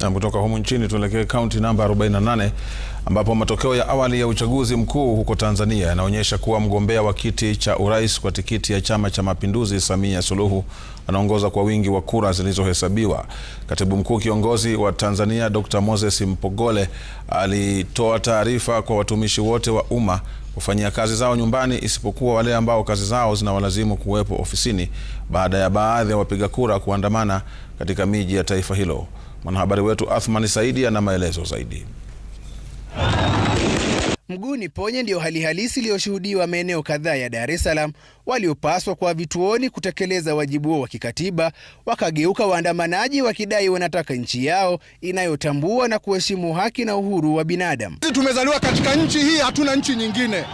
Na kutoka humu nchini tuelekee kaunti namba 48 ambapo matokeo ya awali ya uchaguzi mkuu huko Tanzania yanaonyesha kuwa mgombea wa kiti cha urais kwa tikiti ya Chama cha Mapinduzi, Samia Suluhu anaongoza kwa wingi wa kura zilizohesabiwa. Katibu Mkuu Kiongozi wa Tanzania Dr. Moses Mpogole alitoa taarifa kwa watumishi wote wa umma kufanyia kazi zao nyumbani isipokuwa wale ambao kazi zao zinawalazimu kuwepo ofisini baada ya baadhi ya wapiga kura kuandamana katika miji ya taifa hilo. Mwanahabari wetu Athmani Saidi ana maelezo zaidi. Mguu ponye ndiyo hali halisi iliyoshuhudiwa maeneo kadhaa ya Dar es Salaam. Waliopaswa kwa vituoni kutekeleza wajibu wao wa kikatiba wakageuka waandamanaji, wakidai wanataka nchi yao inayotambua na kuheshimu haki na uhuru wa binadamu. Sisi tumezaliwa katika nchi hii, hatuna nchi nyingine.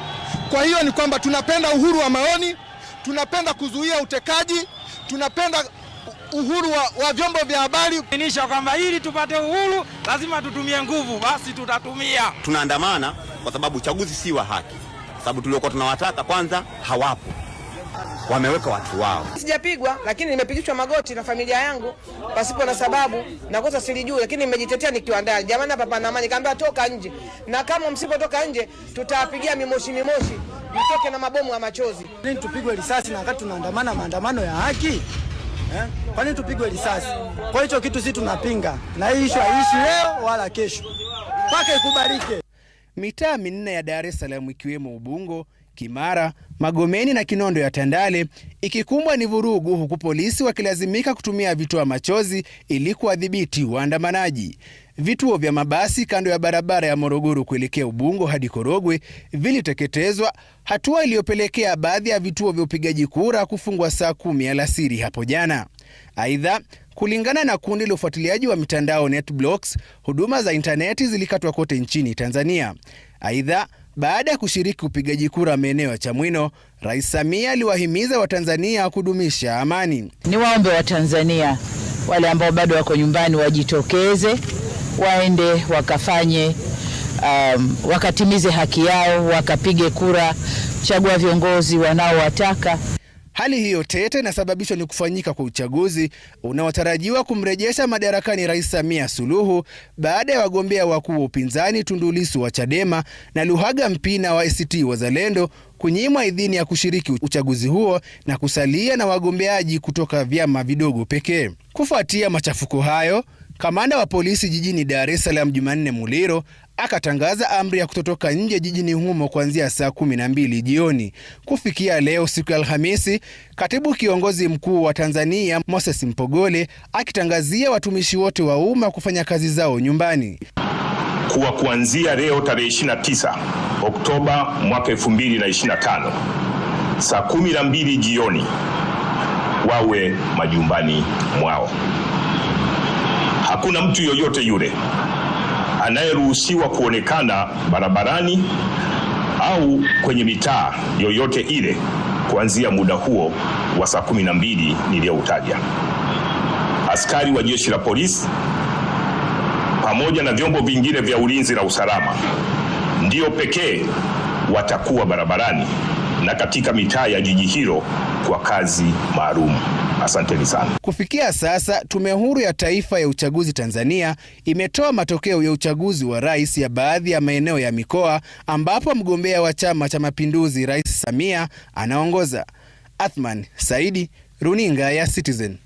Kwa hiyo ni kwamba tunapenda uhuru wa maoni, tunapenda kuzuia utekaji, tunapenda uhuru wa, wa vyombo vya habari inisha kwamba ili tupate uhuru lazima tutumie nguvu, basi tutatumia, tunaandamana kwa sababu uchaguzi si wa haki, kwa sababu tuliokuwa tunawataka kwanza hawapo, wameweka watu wao. Sijapigwa, lakini nimepigishwa magoti na familia yangu pasipo na sababu na kosa silijui, lakini nimejitetea nikiwa ndani. Jamani, hapa pana amani. Kaambia toka nje, na kama msipotoka nje tutawapigia mimoshi mimoshi, mtoke na mabomu ya machozi. Nini tupigwe risasi na wakati tunaandamana maandamano ya haki? Eh? Kwa nini tupigwe risasi? Kwa hicho kitu sisi tunapinga, na hii ishu haiishi leo wala kesho mpaka ikubalike. Mitaa minne ya Dar es Salaam ikiwemo Ubungo, Kimara, Magomeni na Kinondo ya Tandale ikikumbwa ni vurugu huku polisi wakilazimika kutumia vitoa machozi ili kuwadhibiti waandamanaji. Vituo vya mabasi kando ya barabara ya Morogoro kuelekea Ubungo hadi Korogwe viliteketezwa, hatua iliyopelekea baadhi ya vituo vya upigaji kura kufungwa saa kumi alasiri hapo jana. Aidha, Kulingana na kundi la ufuatiliaji wa mitandao NetBlocks, huduma za intaneti zilikatwa kote nchini Tanzania. Aidha, baada ya kushiriki upigaji kura maeneo ya Chamwino, Rais Samia aliwahimiza Watanzania kudumisha amani. Ni waombe Watanzania wale ambao bado wako nyumbani wajitokeze, waende wakafanye Um, wakatimize haki yao, wakapige kura, chagua viongozi wanaowataka. Hali hiyo tete inasababishwa ni kufanyika kwa uchaguzi unaotarajiwa kumrejesha madarakani Rais Samia Suluhu baada ya wagombea wakuu wa upinzani Tundu Lissu wa Chadema na Luhaga Mpina wa ACT Wazalendo kunyimwa idhini ya kushiriki uchaguzi huo na kusalia na wagombeaji kutoka vyama vidogo pekee. Kufuatia machafuko hayo, kamanda wa polisi jijini Dar es Salaam Jumanne Muliro akatangaza amri ya kutotoka nje jijini humo kuanzia saa kumi na mbili jioni. Kufikia leo siku ya Alhamisi, katibu kiongozi mkuu wa Tanzania Moses Mpogole akitangazia watumishi wote wa umma kufanya kazi zao nyumbani kuwa kuanzia leo tarehe 29 Oktoba mwaka 2025 saa kumi na mbili jioni wawe majumbani mwao. Hakuna mtu yoyote yule anayeruhusiwa kuonekana barabarani au kwenye mitaa yoyote ile kuanzia muda huo wa saa 12 niliyoutaja. Askari wa jeshi la polisi pamoja na vyombo vingine vya ulinzi na usalama ndio pekee watakuwa barabarani na katika mitaa ya jiji hilo kwa kazi maalum. Asanteni sana. Kufikia sasa, Tume Huru ya Taifa ya Uchaguzi Tanzania imetoa matokeo ya uchaguzi wa rais ya baadhi ya maeneo ya mikoa ambapo mgombea wa Chama cha Mapinduzi Rais Samia anaongoza. Athman Saidi, Runinga ya Citizen.